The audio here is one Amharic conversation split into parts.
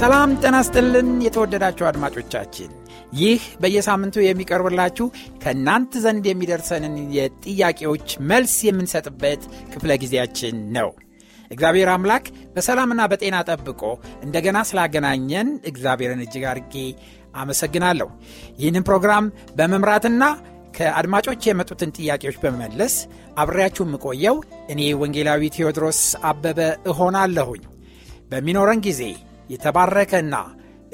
ሰላም ጤና ስጥልን የተወደዳችሁ አድማጮቻችን ይህ በየሳምንቱ የሚቀርብላችሁ ከእናንተ ዘንድ የሚደርሰንን የጥያቄዎች መልስ የምንሰጥበት ክፍለ ጊዜያችን ነው እግዚአብሔር አምላክ በሰላምና በጤና ጠብቆ እንደገና ስላገናኘን እግዚአብሔርን እጅግ አርጌ አመሰግናለሁ ይህንን ፕሮግራም በመምራትና ከአድማጮች የመጡትን ጥያቄዎች በመመለስ አብሬያችሁ የምቆየው እኔ ወንጌላዊ ቴዎድሮስ አበበ እሆናለሁኝ በሚኖረን ጊዜ የተባረከና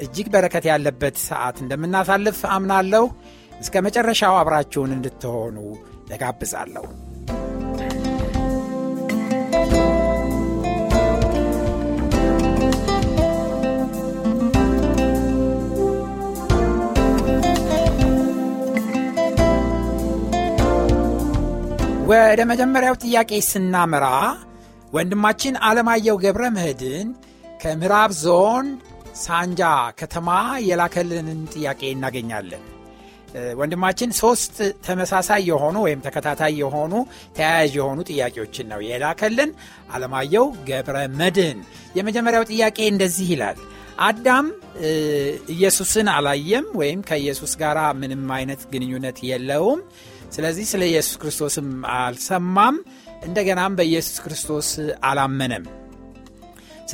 እጅግ በረከት ያለበት ሰዓት እንደምናሳልፍ አምናለሁ። እስከ መጨረሻው አብራችሁን እንድትሆኑ እጋብዛለሁ። ወደ መጀመሪያው ጥያቄ ስናመራ ወንድማችን አለማየው ገብረ ምህድን ከምዕራብ ዞን ሳንጃ ከተማ የላከልንን ጥያቄ እናገኛለን። ወንድማችን ሶስት ተመሳሳይ የሆኑ ወይም ተከታታይ የሆኑ ተያያዥ የሆኑ ጥያቄዎችን ነው የላከልን አለማየሁ ገብረ መድህን። የመጀመሪያው ጥያቄ እንደዚህ ይላል። አዳም ኢየሱስን አላየም ወይም ከኢየሱስ ጋር ምንም አይነት ግንኙነት የለውም። ስለዚህ ስለ ኢየሱስ ክርስቶስም አልሰማም፣ እንደገናም በኢየሱስ ክርስቶስ አላመነም።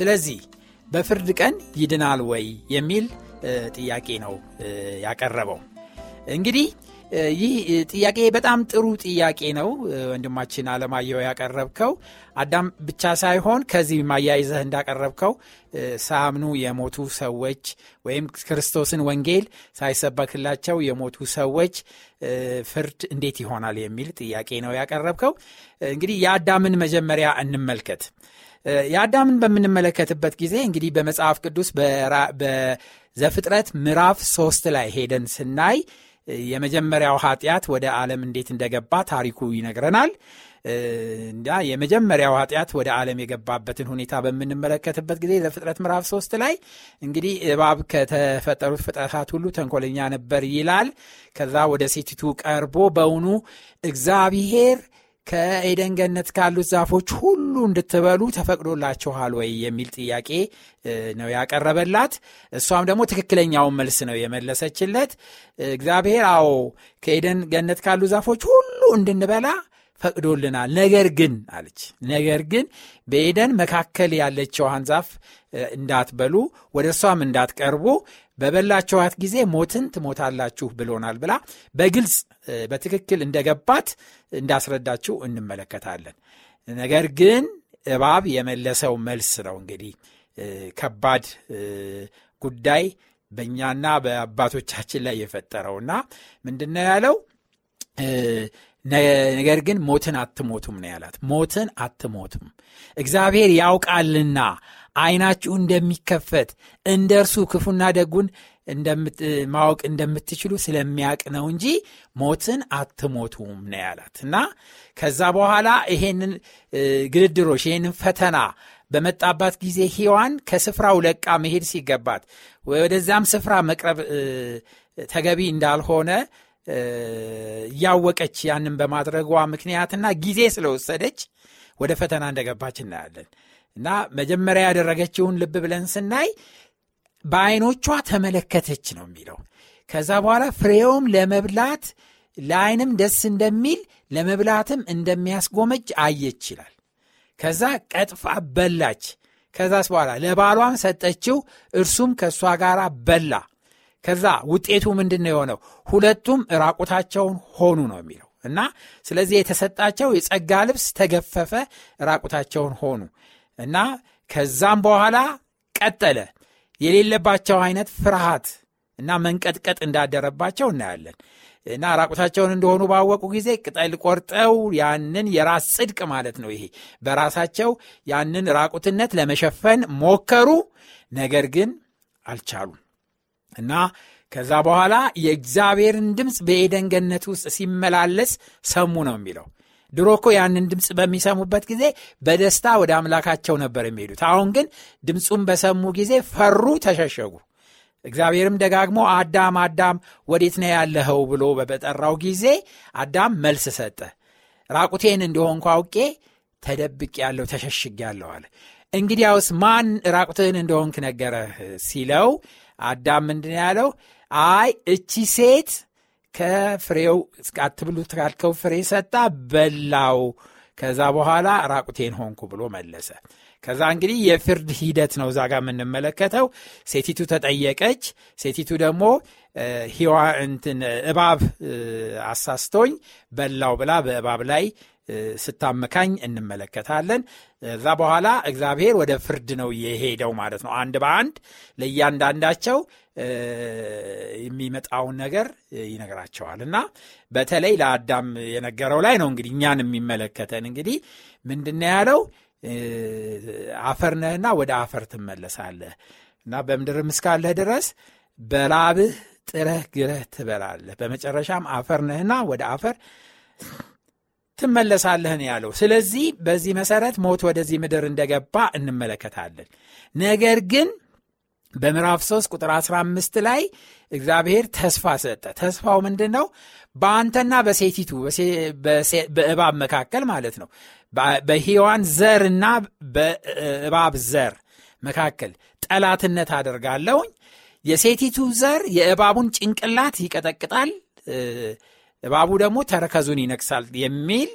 ስለዚህ በፍርድ ቀን ይድናል ወይ የሚል ጥያቄ ነው ያቀረበው። እንግዲህ ይህ ጥያቄ በጣም ጥሩ ጥያቄ ነው። ወንድማችን አለማየሁ ያቀረብከው አዳም ብቻ ሳይሆን ከዚህ ማያይዘህ እንዳቀረብከው ሳምኑ የሞቱ ሰዎች ወይም ክርስቶስን ወንጌል ሳይሰበክላቸው የሞቱ ሰዎች ፍርድ እንዴት ይሆናል የሚል ጥያቄ ነው ያቀረብከው። እንግዲህ የአዳምን መጀመሪያ እንመልከት። የአዳምን በምንመለከትበት ጊዜ እንግዲህ በመጽሐፍ ቅዱስ በዘፍጥረት ምዕራፍ ሶስት ላይ ሄደን ስናይ የመጀመሪያው ኃጢአት ወደ ዓለም እንዴት እንደገባ ታሪኩ ይነግረናል እንዲያ የመጀመሪያው ኃጢአት ወደ ዓለም የገባበትን ሁኔታ በምንመለከትበት ጊዜ ለፍጥረት ምዕራፍ ሶስት ላይ እንግዲህ እባብ ከተፈጠሩት ፍጥረታት ሁሉ ተንኮለኛ ነበር ይላል ከዛ ወደ ሴቲቱ ቀርቦ በውኑ እግዚአብሔር ከኤደን ገነት ካሉት ዛፎች ሁሉ እንድትበሉ ተፈቅዶላችኋል ወይ የሚል ጥያቄ ነው ያቀረበላት። እሷም ደግሞ ትክክለኛውን መልስ ነው የመለሰችለት። እግዚአብሔር አዎ ከኤደን ገነት ካሉ ዛፎች ሁሉ እንድንበላ ፈቅዶልናል። ነገር ግን አለች፣ ነገር ግን በኤደን መካከል ያለችዋን ዛፍ እንዳትበሉ፣ ወደ እሷም እንዳትቀርቡ በበላችኋት ጊዜ ሞትን ትሞታላችሁ ብሎናል ብላ በግልጽ በትክክል እንደገባት እንዳስረዳችው እንመለከታለን። ነገር ግን እባብ የመለሰው መልስ ነው እንግዲህ ከባድ ጉዳይ በእኛና በአባቶቻችን ላይ የፈጠረውና ምንድነው ያለው? ነገር ግን ሞትን አትሞቱም ነው ያላት። ሞትን አትሞቱም እግዚአብሔር ያውቃልና አይናችሁ እንደሚከፈት እንደ እርሱ ክፉና ደጉን ማወቅ እንደምትችሉ ስለሚያቅ ነው እንጂ ሞትን አትሞቱም ነው ያላት እና ከዛ በኋላ ይሄንን ግድድሮች ይሄንን ፈተና በመጣባት ጊዜ ሔዋን ከስፍራው ለቃ መሄድ ሲገባት ወደዛም ስፍራ መቅረብ ተገቢ እንዳልሆነ እያወቀች ያንን በማድረጓ ምክንያትና ጊዜ ስለወሰደች ወደ ፈተና እንደገባች እናያለን። እና መጀመሪያ ያደረገችውን ልብ ብለን ስናይ በአይኖቿ ተመለከተች ነው የሚለው። ከዛ በኋላ ፍሬውም ለመብላት ለአይንም ደስ እንደሚል ለመብላትም እንደሚያስጎመጅ አየች ይላል። ከዛ ቀጥፋ በላች። ከዛስ በኋላ ለባሏም ሰጠችው፣ እርሱም ከእሷ ጋር በላ። ከዛ ውጤቱ ምንድን ነው የሆነው? ሁለቱም ራቁታቸውን ሆኑ ነው የሚለው እና ስለዚህ የተሰጣቸው የጸጋ ልብስ ተገፈፈ፣ ራቁታቸውን ሆኑ። እና ከዛም በኋላ ቀጠለ የሌለባቸው አይነት ፍርሃት እና መንቀጥቀጥ እንዳደረባቸው እናያለን እና ራቁታቸውን እንደሆኑ ባወቁ ጊዜ ቅጠል ቆርጠው ያንን የራስ ጽድቅ ማለት ነው ይሄ በራሳቸው ያንን ራቁትነት ለመሸፈን ሞከሩ ነገር ግን አልቻሉም እና ከዛ በኋላ የእግዚአብሔርን ድምፅ በኤደንገነት ውስጥ ሲመላለስ ሰሙ ነው የሚለው ድሮ እኮ ያንን ድምፅ በሚሰሙበት ጊዜ በደስታ ወደ አምላካቸው ነበር የሚሄዱት። አሁን ግን ድምፁን በሰሙ ጊዜ ፈሩ፣ ተሸሸጉ። እግዚአብሔርም ደጋግሞ አዳም አዳም ወዴት ነው ያለኸው ብሎ በጠራው ጊዜ አዳም መልስ ሰጠ። ራቁቴን እንደሆንኩ አውቄ ተሸሽግ ያለው አለ። እንግዲያውስ ማን ራቁትህን እንደሆንክ ነገረህ ሲለው አዳም ምንድን ያለው? አይ እቺ ሴት ከፍሬው አትብሉት ካልከው ፍሬ ሰጣ፣ በላው። ከዛ በኋላ ራቁቴን ሆንኩ ብሎ መለሰ። ከዛ እንግዲህ የፍርድ ሂደት ነው እዛ ጋር የምንመለከተው። ሴቲቱ ተጠየቀች። ሴቲቱ ደግሞ ህዋ እንትን እባብ አሳስቶኝ በላው ብላ በእባብ ላይ ስታመካኝ እንመለከታለን። እዛ በኋላ እግዚአብሔር ወደ ፍርድ ነው የሄደው ማለት ነው። አንድ በአንድ ለእያንዳንዳቸው የሚመጣውን ነገር ይነግራቸዋል እና በተለይ ለአዳም የነገረው ላይ ነው እንግዲህ እኛን የሚመለከተን እንግዲህ ምንድን ያለው አፈር ነህና ወደ አፈር ትመለሳለህ እና በምድርም እስካለህ ድረስ በላብህ ጥረህ ግረህ ትበላለህ። በመጨረሻም አፈር ነህና ወደ አፈር ትመለሳለህን ያለው። ስለዚህ በዚህ መሰረት ሞት ወደዚህ ምድር እንደገባ እንመለከታለን። ነገር ግን በምዕራፍ 3 ቁጥር 15 ላይ እግዚአብሔር ተስፋ ሰጠ። ተስፋው ምንድን ነው? በአንተና በሴቲቱ በእባብ መካከል ማለት ነው፣ በሔዋን ዘርና በእባብ ዘር መካከል ጠላትነት አደርጋለሁኝ። የሴቲቱ ዘር የእባቡን ጭንቅላት ይቀጠቅጣል እባቡ ደግሞ ተረከዙን ይነክሳል የሚል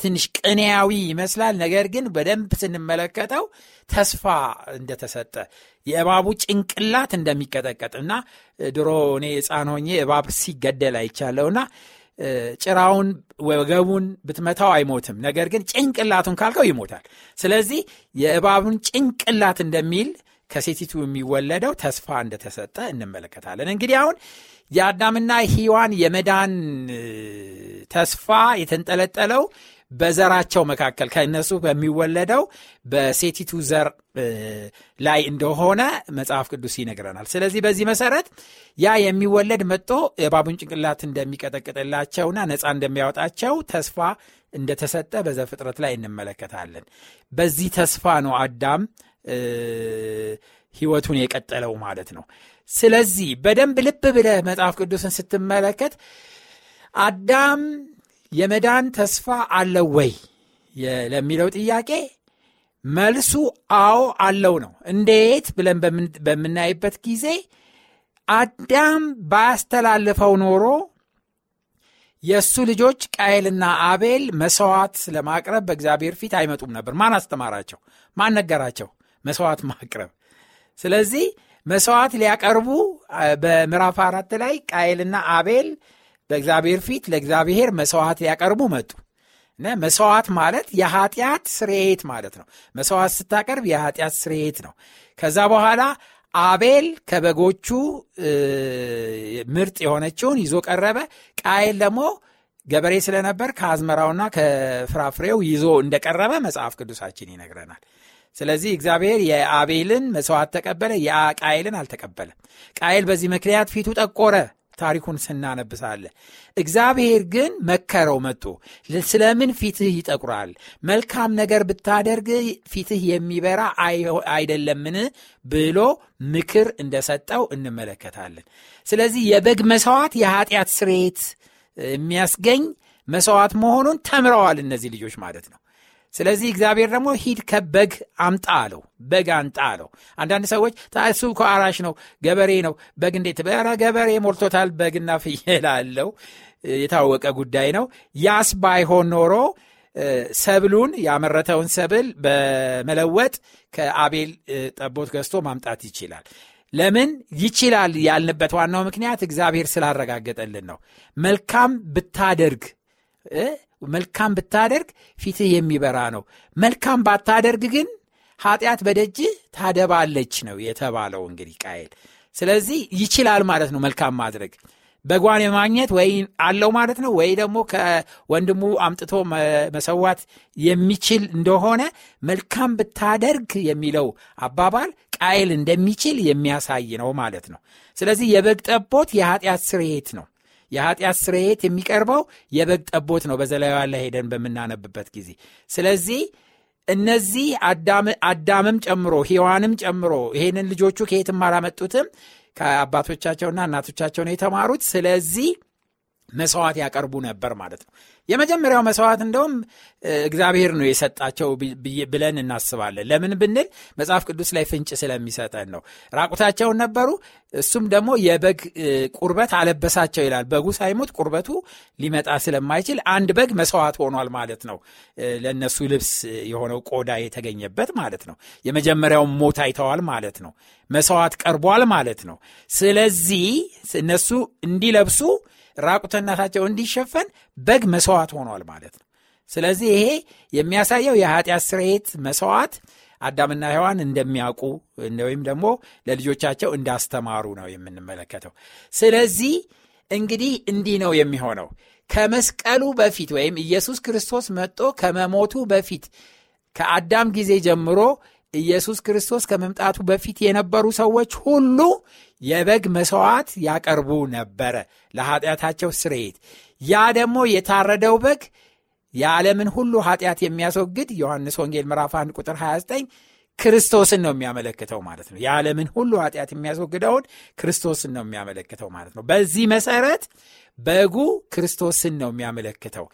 ትንሽ ቅኔያዊ ይመስላል። ነገር ግን በደንብ ስንመለከተው ተስፋ እንደተሰጠ የእባቡ ጭንቅላት እንደሚቀጠቀጥ እና ድሮ እኔ ሕፃን ሆኜ እባብ ሲገደል አይቻለውና ጭራውን ወገቡን ብትመታው አይሞትም። ነገር ግን ጭንቅላቱን ካልከው ይሞታል። ስለዚህ የእባቡን ጭንቅላት እንደሚል ከሴቲቱ የሚወለደው ተስፋ እንደተሰጠ እንመለከታለን። እንግዲህ አሁን የአዳምና ሔዋን የመዳን ተስፋ የተንጠለጠለው በዘራቸው መካከል ከእነሱ በሚወለደው በሴቲቱ ዘር ላይ እንደሆነ መጽሐፍ ቅዱስ ይነግረናል። ስለዚህ በዚህ መሰረት ያ የሚወለድ መጥቶ የባቡን ጭንቅላት እንደሚቀጠቅጥላቸውና ነፃ እንደሚያወጣቸው ተስፋ እንደተሰጠ በዘ ፍጥረት ላይ እንመለከታለን። በዚህ ተስፋ ነው አዳም ህይወቱን የቀጠለው ማለት ነው። ስለዚህ በደንብ ልብ ብለ መጽሐፍ ቅዱስን ስትመለከት አዳም የመዳን ተስፋ አለው ወይ ለሚለው ጥያቄ መልሱ አዎ አለው ነው። እንዴት ብለን በምናይበት ጊዜ አዳም ባያስተላልፈው ኖሮ የእሱ ልጆች ቃየልና አቤል መሰዋት ለማቅረብ በእግዚአብሔር ፊት አይመጡም ነበር። ማን አስተማራቸው? ማን ነገራቸው መስዋዕት ማቅረብ? ስለዚህ መስዋዕት ሊያቀርቡ በምዕራፍ አራት ላይ ቃየልና አቤል በእግዚአብሔር ፊት ለእግዚአብሔር መስዋዕት ሊያቀርቡ መጡ እና መስዋዕት ማለት የኃጢአት ስርየት ማለት ነው መስዋዕት ስታቀርብ የኃጢአት ስርየት ነው ከዛ በኋላ አቤል ከበጎቹ ምርጥ የሆነችውን ይዞ ቀረበ ቃየል ደግሞ ገበሬ ስለነበር ከአዝመራውና ከፍራፍሬው ይዞ እንደቀረበ መጽሐፍ ቅዱሳችን ይነግረናል ስለዚህ እግዚአብሔር የአቤልን መስዋዕት ተቀበለ፣ የቃኤልን አልተቀበለም። ቃኤል በዚህ ምክንያት ፊቱ ጠቆረ። ታሪኩን ስናነብሳለ እግዚአብሔር ግን መከረው መጡ ስለምን ፊትህ ይጠቁራል? መልካም ነገር ብታደርግ ፊትህ የሚበራ አይደለምን? ብሎ ምክር እንደሰጠው እንመለከታለን። ስለዚህ የበግ መስዋዕት የኃጢአት ስሬት የሚያስገኝ መስዋዕት መሆኑን ተምረዋል እነዚህ ልጆች ማለት ነው። ስለዚህ እግዚአብሔር ደግሞ ሂድ ከበግ አምጣ አለው። በግ አምጣ አለው። አንዳንድ ሰዎች ታሱ እኮ አራሽ ነው፣ ገበሬ ነው፣ በግ እንዴት በረ ገበሬ ሞልቶታል። በግና ፍየል አለው፣ የታወቀ ጉዳይ ነው። ያስ ባይሆን ኖሮ ሰብሉን ያመረተውን ሰብል በመለወጥ ከአቤል ጠቦት ገዝቶ ማምጣት ይችላል። ለምን ይችላል ያልንበት ዋናው ምክንያት እግዚአብሔር ስላረጋገጠልን ነው። መልካም ብታደርግ መልካም ብታደርግ ፊትህ የሚበራ ነው መልካም ባታደርግ ግን ኃጢአት በደጅህ ታደባለች ነው የተባለው እንግዲህ ቃየል ስለዚህ ይችላል ማለት ነው መልካም ማድረግ በጓን የማግኘት ወይ አለው ማለት ነው ወይ ደግሞ ከወንድሙ አምጥቶ መሰዋት የሚችል እንደሆነ መልካም ብታደርግ የሚለው አባባል ቃየል እንደሚችል የሚያሳይ ነው ማለት ነው ስለዚህ የበግ ጠቦት የኃጢአት ስርየት ነው የኃጢአት ስርየት የሚቀርበው የበግ ጠቦት ነው በዘላዩዋ ላይ ሄደን በምናነብበት ጊዜ ስለዚህ እነዚህ አዳምም ጨምሮ ሔዋንም ጨምሮ ይሄንን ልጆቹ ከየትም አላመጡትም ከአባቶቻቸውና እናቶቻቸው ነው የተማሩት ስለዚህ መስዋዕት ያቀርቡ ነበር ማለት ነው። የመጀመሪያው መስዋዕት እንደውም እግዚአብሔር ነው የሰጣቸው ብለን እናስባለን። ለምን ብንል መጽሐፍ ቅዱስ ላይ ፍንጭ ስለሚሰጠን ነው። ራቁታቸውን ነበሩ፣ እሱም ደግሞ የበግ ቁርበት አለበሳቸው ይላል። በጉ ሳይሞት ቁርበቱ ሊመጣ ስለማይችል አንድ በግ መስዋዕት ሆኗል ማለት ነው። ለእነሱ ልብስ የሆነው ቆዳ የተገኘበት ማለት ነው። የመጀመሪያው ሞት አይተዋል ማለት ነው። መስዋዕት ቀርቧል ማለት ነው። ስለዚህ እነሱ እንዲለብሱ ራቁትነታቸው እንዲሸፈን በግ መስዋዕት ሆኗል ማለት ነው። ስለዚህ ይሄ የሚያሳየው የኃጢአት ስርየት መስዋዕት አዳምና ሔዋን እንደሚያውቁ ወይም ደግሞ ለልጆቻቸው እንዳስተማሩ ነው የምንመለከተው። ስለዚህ እንግዲህ እንዲህ ነው የሚሆነው ከመስቀሉ በፊት ወይም ኢየሱስ ክርስቶስ መጦ ከመሞቱ በፊት ከአዳም ጊዜ ጀምሮ ኢየሱስ ክርስቶስ ከመምጣቱ በፊት የነበሩ ሰዎች ሁሉ የበግ መሥዋዕት ያቀርቡ ነበረ ለኃጢአታቸው ስርየት። ያ ደግሞ የታረደው በግ የዓለምን ሁሉ ኃጢአት የሚያስወግድ ዮሐንስ ወንጌል ምዕራፍ 1 ቁጥር 29 ክርስቶስን ነው የሚያመለክተው ማለት ነው። የዓለምን ሁሉ ኃጢአት የሚያስወግደውን ክርስቶስን ነው የሚያመለክተው ማለት ነው። በዚህ መሰረት በጉ ክርስቶስን ነው የሚያመለክተው።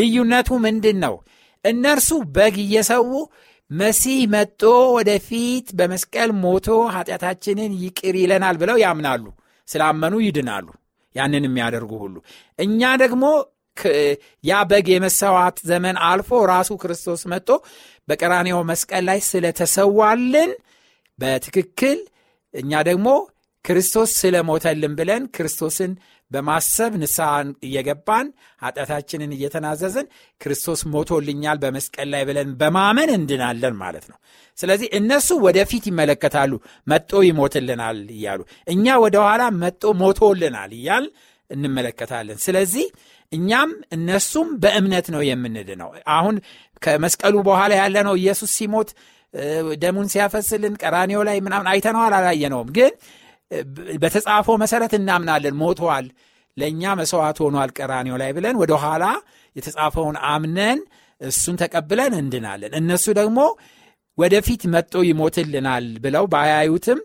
ልዩነቱ ምንድን ነው? እነርሱ በግ እየሰዉ መሲህ መጦ ወደፊት በመስቀል ሞቶ ኃጢአታችንን ይቅር ይለናል ብለው ያምናሉ። ስላመኑ ይድናሉ። ያንን የሚያደርጉ ሁሉ እኛ ደግሞ ያ በግ የመሰዋት ዘመን አልፎ ራሱ ክርስቶስ መጦ በቀራኔው መስቀል ላይ ስለተሰዋልን በትክክል እኛ ደግሞ ክርስቶስ ስለሞተልን ብለን ክርስቶስን በማሰብ ንስሐ እየገባን ኃጢአታችንን እየተናዘዝን ክርስቶስ ሞቶልኛል በመስቀል ላይ ብለን በማመን እንድናለን ማለት ነው። ስለዚህ እነሱ ወደፊት ይመለከታሉ፣ መጦ ይሞትልናል እያሉ፣ እኛ ወደኋላ መጦ ሞቶልናል እያል እንመለከታለን። ስለዚህ እኛም እነሱም በእምነት ነው የምንድነው። አሁን ከመስቀሉ በኋላ ያለነው ኢየሱስ ሲሞት ደሙን ሲያፈስልን ቀራኔው ላይ ምናምን አይተነዋል፣ አላየነውም ግን በተጻፈው መሰረት እናምናለን ሞተዋል ለእኛ መስዋዕት ሆኗል ቀራኔው ላይ ብለን ወደኋላ የተጻፈውን አምነን እሱን ተቀብለን እንድናለን እነሱ ደግሞ ወደፊት መጦ ይሞትልናል ብለው ባያዩትም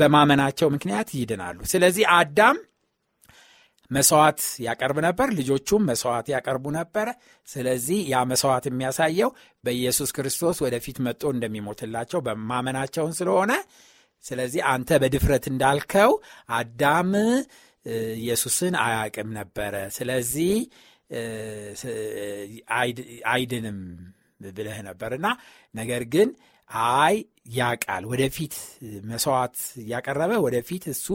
በማመናቸው ምክንያት ይድናሉ ስለዚህ አዳም መስዋዕት ያቀርብ ነበር ልጆቹም መስዋዕት ያቀርቡ ነበር ስለዚህ ያ መስዋዕት የሚያሳየው በኢየሱስ ክርስቶስ ወደፊት መጦ እንደሚሞትላቸው በማመናቸውን ስለሆነ ስለዚህ አንተ በድፍረት እንዳልከው አዳም ኢየሱስን አያቅም ነበረ ስለዚህ አይድንም ብለህ ነበርና ነገር ግን አይ ያቃል ወደፊት መስዋዕት እያቀረበ ወደፊት እሱ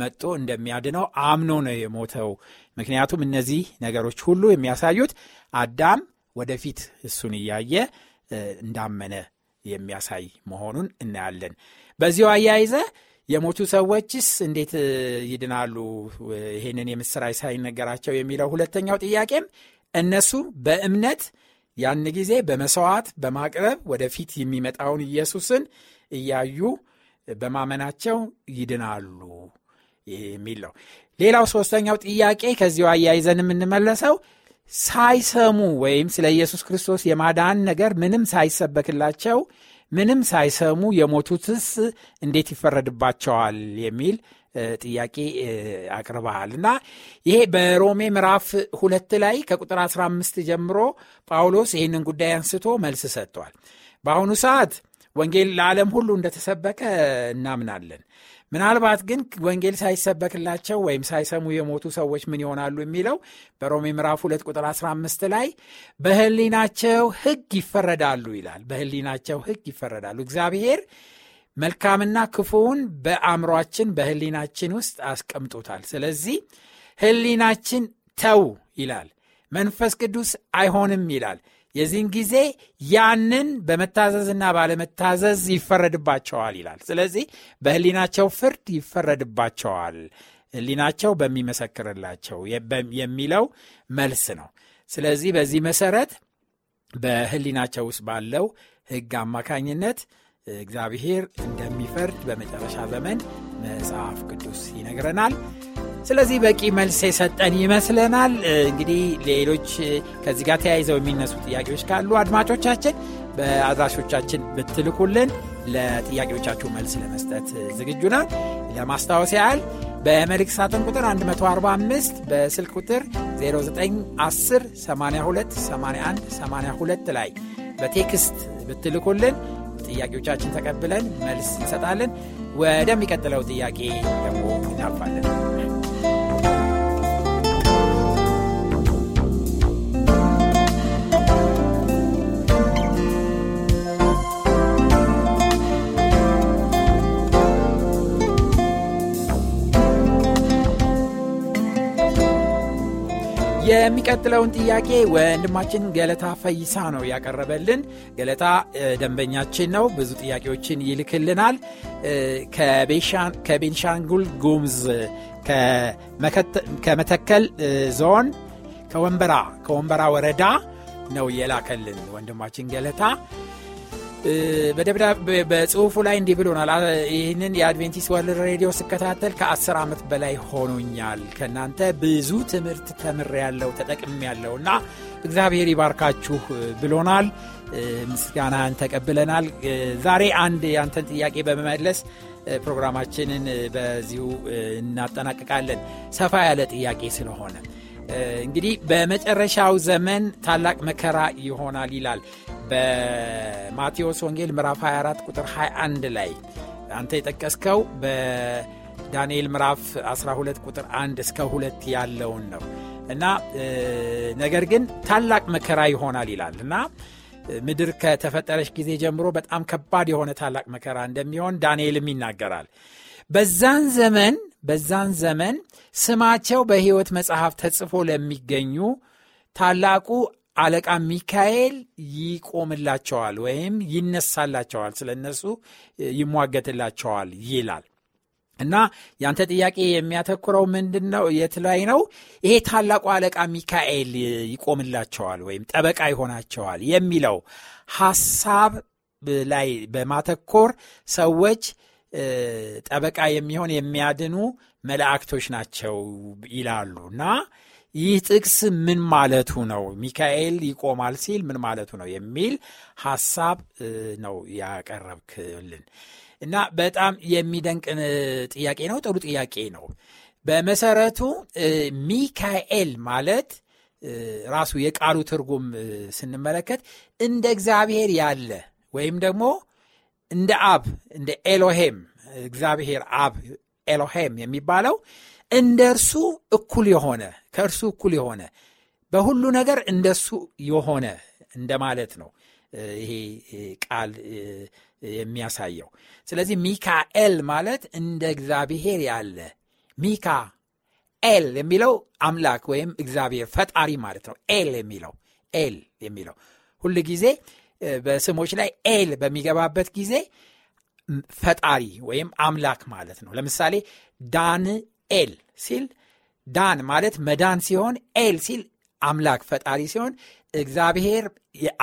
መጦ እንደሚያድነው አምኖ ነው የሞተው ምክንያቱም እነዚህ ነገሮች ሁሉ የሚያሳዩት አዳም ወደፊት እሱን እያየ እንዳመነ የሚያሳይ መሆኑን እናያለን። በዚሁ አያይዘ የሞቱ ሰዎችስ እንዴት ይድናሉ? ይህንን የምሥራች ሳይነገራቸው የሚለው ሁለተኛው ጥያቄም እነሱ በእምነት ያን ጊዜ በመሥዋዕት በማቅረብ ወደፊት የሚመጣውን ኢየሱስን እያዩ በማመናቸው ይድናሉ የሚል ነው። ሌላው ሦስተኛው ጥያቄ ከዚሁ አያይዘን የምንመለሰው ሳይሰሙ ወይም ስለ ኢየሱስ ክርስቶስ የማዳን ነገር ምንም ሳይሰበክላቸው ምንም ሳይሰሙ የሞቱትስ እንዴት ይፈረድባቸዋል የሚል ጥያቄ አቅርበሃል እና ይሄ በሮሜ ምዕራፍ ሁለት ላይ ከቁጥር 15 ጀምሮ ጳውሎስ ይህንን ጉዳይ አንስቶ መልስ ሰጥቷል። በአሁኑ ሰዓት ወንጌል ለዓለም ሁሉ እንደተሰበከ እናምናለን። ምናልባት ግን ወንጌል ሳይሰበክላቸው ወይም ሳይሰሙ የሞቱ ሰዎች ምን ይሆናሉ የሚለው በሮሜ ምዕራፍ 2 ቁጥር 15 ላይ በህሊናቸው ህግ ይፈረዳሉ ይላል። በህሊናቸው ህግ ይፈረዳሉ። እግዚአብሔር መልካምና ክፉውን በአእምሯችን በህሊናችን ውስጥ አስቀምጦታል። ስለዚህ ህሊናችን ተው ይላል። መንፈስ ቅዱስ አይሆንም ይላል። የዚህን ጊዜ ያንን በመታዘዝና ባለመታዘዝ ይፈረድባቸዋል ይላል። ስለዚህ በህሊናቸው ፍርድ ይፈረድባቸዋል፣ ህሊናቸው በሚመሰክርላቸው የሚለው መልስ ነው። ስለዚህ በዚህ መሰረት በህሊናቸው ውስጥ ባለው ህግ አማካኝነት እግዚአብሔር እንደሚፈርድ በመጨረሻ ዘመን መጽሐፍ ቅዱስ ይነግረናል። ስለዚህ በቂ መልስ የሰጠን ይመስለናል። እንግዲህ ሌሎች ከዚህ ጋር ተያይዘው የሚነሱ ጥያቄዎች ካሉ አድማጮቻችን በአድራሾቻችን ብትልኩልን ለጥያቄዎቻችሁ መልስ ለመስጠት ዝግጁ ናል። ለማስታወስ ያህል በመልእክት ሳጥን ቁጥር 145 በስልክ ቁጥር 0910 82 81 82 ላይ በቴክስት ብትልኩልን ጥያቄዎቻችን ተቀብለን መልስ እንሰጣለን። ወደሚቀጥለው ጥያቄ ደግሞ እናልፋለን። የሚቀጥለውን ጥያቄ ወንድማችን ገለታ ፈይሳ ነው ያቀረበልን። ገለታ ደንበኛችን ነው፣ ብዙ ጥያቄዎችን ይልክልናል። ከቤንሻንጉል ጉሙዝ ከመተከል ዞን ከወንበራ ከወንበራ ወረዳ ነው የላከልን ወንድማችን ገለታ በጽሁፉ ላይ እንዲህ ብሎናል። ይህንን የአድቬንቲስት ወርልድ ሬዲዮ ስከታተል ከአስር ዓመት በላይ ሆኖኛል። ከእናንተ ብዙ ትምህርት ተምር ያለው ተጠቅም ያለው እና እግዚአብሔር ይባርካችሁ ብሎናል። ምስጋናን ተቀብለናል። ዛሬ አንድ ያንተን ጥያቄ በመመለስ ፕሮግራማችንን በዚሁ እናጠናቅቃለን። ሰፋ ያለ ጥያቄ ስለሆነ እንግዲህ በመጨረሻው ዘመን ታላቅ መከራ ይሆናል ይላል በማቴዎስ ወንጌል ምዕራፍ 24 ቁጥር 21 ላይ አንተ የጠቀስከው በዳንኤል ምዕራፍ 12 ቁጥር 1 እስከ 2 ያለውን ነው እና ነገር ግን ታላቅ መከራ ይሆናል ይላል እና ምድር ከተፈጠረች ጊዜ ጀምሮ በጣም ከባድ የሆነ ታላቅ መከራ እንደሚሆን ዳንኤልም ይናገራል። በዛን ዘመን በዛን ዘመን ስማቸው በሕይወት መጽሐፍ ተጽፎ ለሚገኙ ታላቁ አለቃ ሚካኤል ይቆምላቸዋል ወይም ይነሳላቸዋል፣ ስለ እነሱ ይሟገትላቸዋል ይላል። እና ያንተ ጥያቄ የሚያተኩረው ምንድን ነው? የት ላይ ነው? ይሄ ታላቁ አለቃ ሚካኤል ይቆምላቸዋል ወይም ጠበቃ ይሆናቸዋል የሚለው ሐሳብ ላይ በማተኮር ሰዎች ጠበቃ የሚሆን የሚያድኑ መላእክቶች ናቸው ይላሉ እና ይህ ጥቅስ ምን ማለቱ ነው? ሚካኤል ይቆማል ሲል ምን ማለቱ ነው የሚል ሐሳብ ነው ያቀረብክልን እና በጣም የሚደንቅ ጥያቄ ነው። ጥሩ ጥያቄ ነው። በመሰረቱ ሚካኤል ማለት ራሱ የቃሉ ትርጉም ስንመለከት እንደ እግዚአብሔር ያለ ወይም ደግሞ እንደ አብ እንደ ኤሎሄም እግዚአብሔር አብ ኤሎሄም የሚባለው እንደ እርሱ እኩል የሆነ ከእርሱ እኩል የሆነ በሁሉ ነገር እንደሱ የሆነ እንደማለት ነው ይሄ ቃል የሚያሳየው። ስለዚህ ሚካኤል ማለት እንደ እግዚአብሔር ያለ ሚካ ኤል የሚለው አምላክ ወይም እግዚአብሔር ፈጣሪ ማለት ነው። ኤል የሚለው ኤል የሚለው ሁሉ ጊዜ በስሞች ላይ ኤል በሚገባበት ጊዜ ፈጣሪ ወይም አምላክ ማለት ነው። ለምሳሌ ዳን ኤል ሲል ዳን ማለት መዳን ሲሆን ኤል ሲል አምላክ ፈጣሪ ሲሆን እግዚአብሔር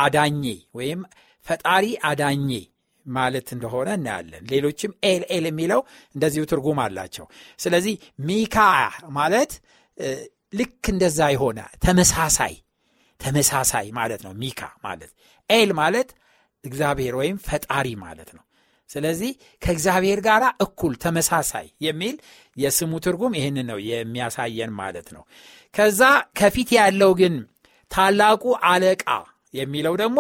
አዳኜ ወይም ፈጣሪ አዳኜ ማለት እንደሆነ እናያለን። ሌሎችም ኤል ኤል የሚለው እንደዚሁ ትርጉም አላቸው። ስለዚህ ሚካ ማለት ልክ እንደዛ የሆነ ተመሳሳይ ተመሳሳይ ማለት ነው ሚካ ማለት ኤል ማለት እግዚአብሔር ወይም ፈጣሪ ማለት ነው ስለዚህ ከእግዚአብሔር ጋር እኩል ተመሳሳይ የሚል የስሙ ትርጉም ይህን ነው የሚያሳየን ማለት ነው ከዛ ከፊት ያለው ግን ታላቁ አለቃ የሚለው ደግሞ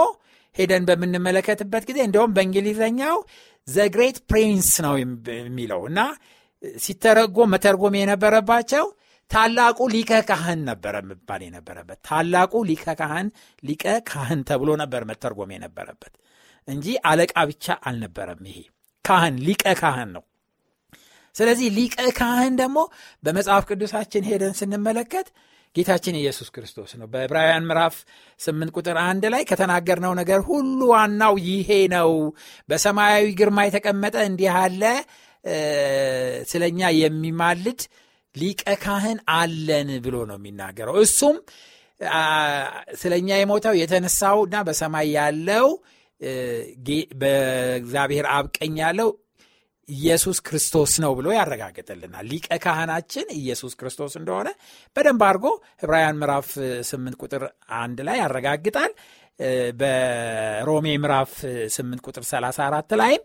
ሄደን በምንመለከትበት ጊዜ እንዲሁም በእንግሊዝኛው ዘግሬት ፕሪንስ ነው የሚለው እና ሲተረጎም መተርጎም የነበረባቸው ታላቁ ሊቀ ካህን ነበረ የሚባል የነበረበት። ታላቁ ሊቀ ካህን ሊቀ ካህን ተብሎ ነበር መተርጎም የነበረበት እንጂ አለቃ ብቻ አልነበረም። ይሄ ካህን ሊቀ ካህን ነው። ስለዚህ ሊቀ ካህን ደግሞ በመጽሐፍ ቅዱሳችን ሄደን ስንመለከት ጌታችን ኢየሱስ ክርስቶስ ነው። በዕብራውያን ምዕራፍ 8 ቁጥር አንድ ላይ ከተናገርነው ነገር ሁሉ ዋናው ይሄ ነው። በሰማያዊ ግርማ የተቀመጠ እንዲህ አለ ስለኛ የሚማልድ ሊቀ ካህን አለን ብሎ ነው የሚናገረው። እሱም ስለ እኛ የሞተው የተነሳው እና በሰማይ ያለው በእግዚአብሔር አብቀኝ ያለው ኢየሱስ ክርስቶስ ነው ብሎ ያረጋግጥልናል። ሊቀ ካህናችን ኢየሱስ ክርስቶስ እንደሆነ በደንብ አድርጎ ህብራውያን ምዕራፍ 8 ቁጥር አንድ ላይ ያረጋግጣል። በሮሜ ምዕራፍ 8 ቁጥር 34 ላይም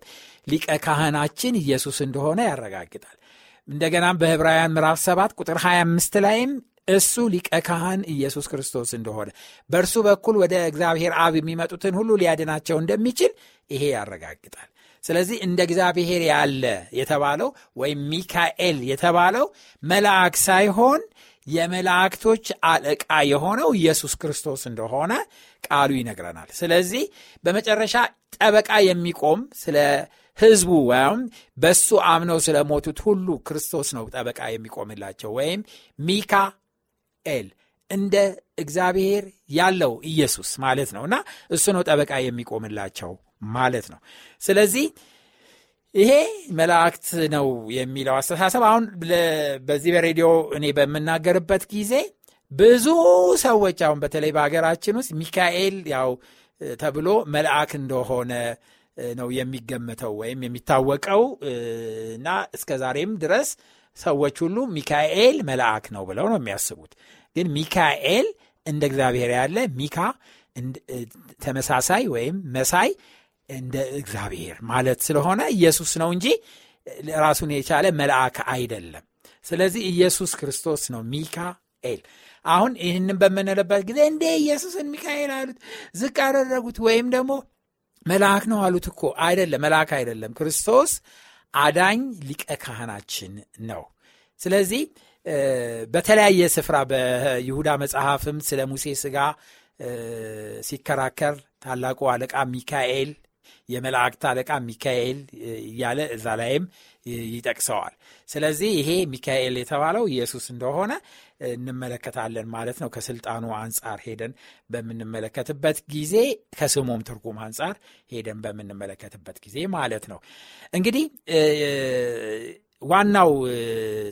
ሊቀ ካህናችን ኢየሱስ እንደሆነ ያረጋግጣል። እንደገናም በዕብራውያን ምዕራፍ 7 ቁጥር 25 ላይም እሱ ሊቀ ካህን ኢየሱስ ክርስቶስ እንደሆነ በእርሱ በኩል ወደ እግዚአብሔር አብ የሚመጡትን ሁሉ ሊያድናቸው እንደሚችል ይሄ ያረጋግጣል። ስለዚህ እንደ እግዚአብሔር ያለ የተባለው ወይም ሚካኤል የተባለው መልአክ ሳይሆን የመላእክቶች አለቃ የሆነው ኢየሱስ ክርስቶስ እንደሆነ ቃሉ ይነግረናል። ስለዚህ በመጨረሻ ጠበቃ የሚቆም ስለ ህዝቡ ወይም በሱ አምነው ስለሞቱት ሁሉ ክርስቶስ ነው ጠበቃ የሚቆምላቸው ወይም ሚካኤል እንደ እግዚአብሔር ያለው ኢየሱስ ማለት ነው እና እሱ ነው ጠበቃ የሚቆምላቸው ማለት ነው። ስለዚህ ይሄ መላእክት ነው የሚለው አስተሳሰብ አሁን በዚህ በሬዲዮ እኔ በምናገርበት ጊዜ ብዙ ሰዎች አሁን በተለይ በሀገራችን ውስጥ ሚካኤል ያው ተብሎ መልአክ እንደሆነ ነው የሚገመተው ወይም የሚታወቀው እና እስከ ዛሬም ድረስ ሰዎች ሁሉ ሚካኤል መልአክ ነው ብለው ነው የሚያስቡት። ግን ሚካኤል እንደ እግዚአብሔር ያለ ሚካ ተመሳሳይ ወይም መሳይ እንደ እግዚአብሔር ማለት ስለሆነ ኢየሱስ ነው እንጂ ራሱን የቻለ መልአክ አይደለም። ስለዚህ ኢየሱስ ክርስቶስ ነው ሚካኤል። አሁን ይህንን በምንልበት ጊዜ እንዴ ኢየሱስን ሚካኤል አሉት፣ ዝቅ አደረጉት፣ ወይም ደግሞ መልአክ ነው አሉት። እኮ አይደለም፣ መልአክ አይደለም። ክርስቶስ አዳኝ ሊቀ ካህናችን ነው። ስለዚህ በተለያየ ስፍራ በይሁዳ መጽሐፍም ስለ ሙሴ ስጋ ሲከራከር ታላቁ አለቃ ሚካኤል የመላእክት አለቃ ሚካኤል እያለ እዛ ላይም ይጠቅሰዋል። ስለዚህ ይሄ ሚካኤል የተባለው ኢየሱስ እንደሆነ እንመለከታለን ማለት ነው። ከስልጣኑ አንጻር ሄደን በምንመለከትበት ጊዜ ከስሙም ትርጉም አንጻር ሄደን በምንመለከትበት ጊዜ ማለት ነው እንግዲህ ዋናው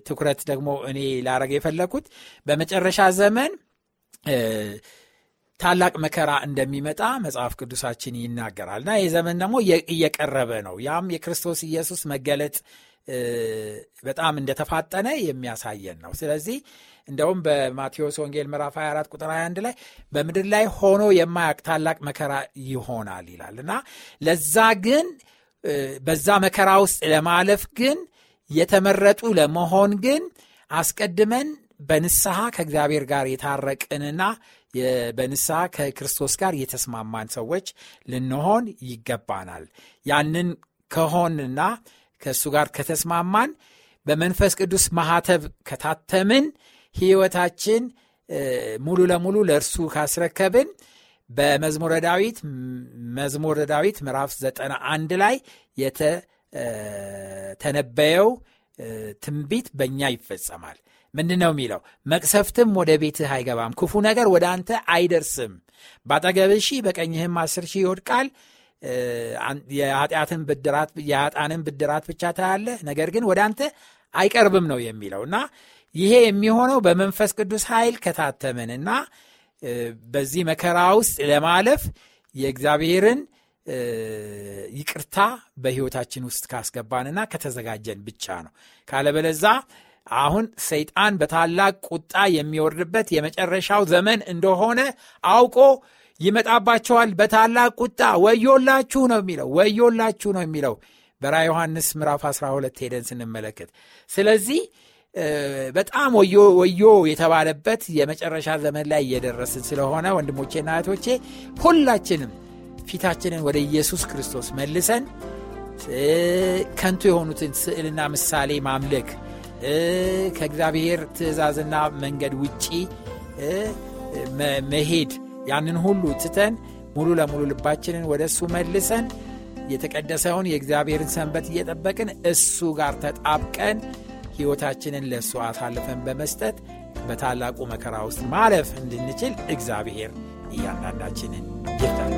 ትኩረት ደግሞ እኔ ላረግ የፈለግኩት በመጨረሻ ዘመን ታላቅ መከራ እንደሚመጣ መጽሐፍ ቅዱሳችን ይናገራል እና ይህ ዘመን ደግሞ እየቀረበ ነው። ያም የክርስቶስ ኢየሱስ መገለጥ በጣም እንደተፋጠነ የሚያሳየን ነው። ስለዚህ እንደውም በማቴዎስ ወንጌል ምዕራፍ 24 ቁጥር 21 ላይ በምድር ላይ ሆኖ የማያቅ ታላቅ መከራ ይሆናል ይላል እና ለዛ ግን በዛ መከራ ውስጥ ለማለፍ ግን የተመረጡ ለመሆን ግን አስቀድመን በንስሐ ከእግዚአብሔር ጋር የታረቅንና በንስሐ ከክርስቶስ ጋር የተስማማን ሰዎች ልንሆን ይገባናል። ያንን ከሆንና ከእሱ ጋር ከተስማማን በመንፈስ ቅዱስ ማህተብ ከታተምን ሕይወታችን ሙሉ ለሙሉ ለእርሱ ካስረከብን በመዝሙረ ዳዊት መዝሙረ ዳዊት ምዕራፍ ዘጠና አንድ ላይ የተተነበየው ትንቢት በእኛ ይፈጸማል። ምንድን ነው የሚለው? መቅሰፍትም ወደ ቤትህ አይገባም፣ ክፉ ነገር ወደ አንተ አይደርስም። ባጠገብህ ሺህ በቀኝህም አስር ሺህ ይወድቃል። የኃጢአትን ብድራት የኃጣንን ብድራት ብቻ ታያለህ፣ ነገር ግን ወደ አንተ አይቀርብም ነው የሚለው እና ይሄ የሚሆነው በመንፈስ ቅዱስ ኃይል ከታተምን እና በዚህ መከራ ውስጥ ለማለፍ የእግዚአብሔርን ይቅርታ በሕይወታችን ውስጥ ካስገባንና ከተዘጋጀን ብቻ ነው። ካለበለዛ አሁን ሰይጣን በታላቅ ቁጣ የሚወርድበት የመጨረሻው ዘመን እንደሆነ አውቆ ይመጣባቸዋል በታላቅ ቁጣ ወዮላችሁ ነው የሚለው ወዮላችሁ ነው የሚለው በራ ዮሐንስ ምዕራፍ 12 ሄደን ስንመለከት ስለዚህ በጣም ወዮ ወዮ የተባለበት የመጨረሻ ዘመን ላይ እየደረስን ስለሆነ ወንድሞቼና እህቶቼ ሁላችንም ፊታችንን ወደ ኢየሱስ ክርስቶስ መልሰን ከንቱ የሆኑትን ስዕልና ምሳሌ ማምለክ ከእግዚአብሔር ትእዛዝና መንገድ ውጪ መሄድ ያንን ሁሉ ትተን ሙሉ ለሙሉ ልባችንን ወደ እሱ መልሰን የተቀደሰውን የእግዚአብሔርን ሰንበት እየጠበቅን እሱ ጋር ተጣብቀን ሕይወታችንን ለእሱ አሳልፈን በመስጠት በታላቁ መከራ ውስጥ ማለፍ እንድንችል እግዚአብሔር እያንዳንዳችንን ይርዳል።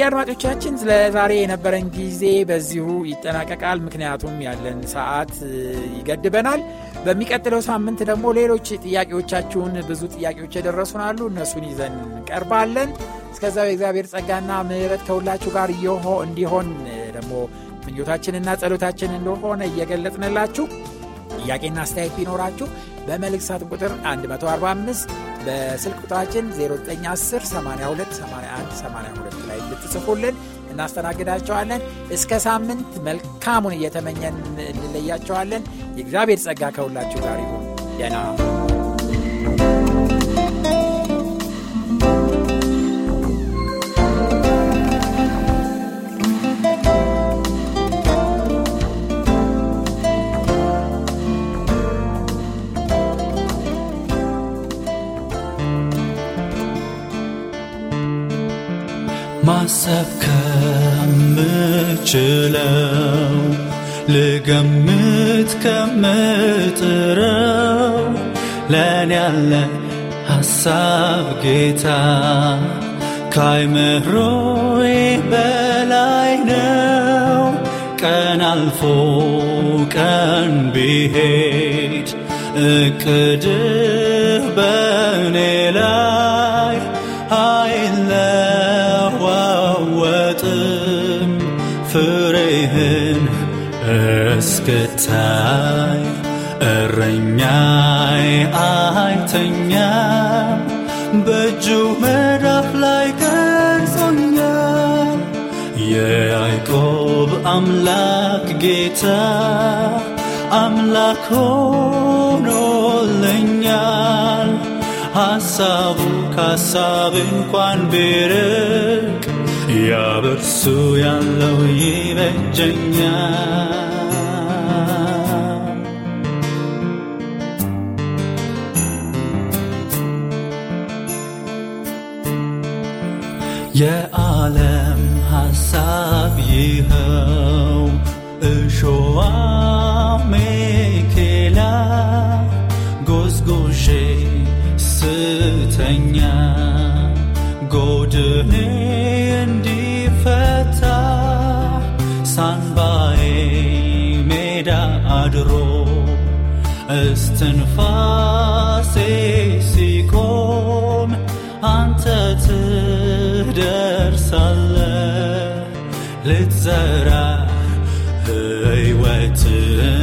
እንግዲህ አድማጮቻችን ለዛሬ የነበረን ጊዜ በዚሁ ይጠናቀቃል። ምክንያቱም ያለን ሰዓት ይገድበናል። በሚቀጥለው ሳምንት ደግሞ ሌሎች ጥያቄዎቻችሁን ብዙ ጥያቄዎች የደረሱን አሉ። እነሱን ይዘን እንቀርባለን። እስከዛው የእግዚአብሔር ጸጋና ምረት ከሁላችሁ ጋር እንዲሆን ደግሞ ምኞታችንና ጸሎታችን እንደሆነ እየገለጽንላችሁ ጥያቄና አስተያየት ቢኖራችሁ በመልእክት ሳጥን ቁጥር 145 በስልክ ቁጥራችን 0910 82 81 82 ላይ ልትጽፉልን እናስተናግዳቸዋለን። እስከ ሳምንት መልካሙን እየተመኘን እንለያቸዋለን። የእግዚአብሔር ጸጋ ከሁላችሁ ጋር ይሁን። ደህና ማሰብ ከምችለው ልገምት ከምጥረው ለን ያለ ሐሳብ ጌታ ካይምሮይ በላይ ነው። ቀን አልፎ ቀን ቢሄድ እቅድህ በእኔ ላይ አይለ ፍሬህን እስክታይ እረኛዬ አይተኛም። በእጁ መዳፍ ላይ ቀርጾኛል። የያዕቆብ አምላክ ጌታ አምላክ ሆኖለኛል። ሐሳቡ ከሐሳብ እንኳን ቢርቅ ያ ያለው ይበጀኛ የዓለም ሐሳብ ይኸው እሾዋ ሜኬላ ጎዝጎሼ ስተኛ ጎድኔ እስትንፋሴ ሲቆም አንተ ትደርሳለ ልትዘራ ህይወትን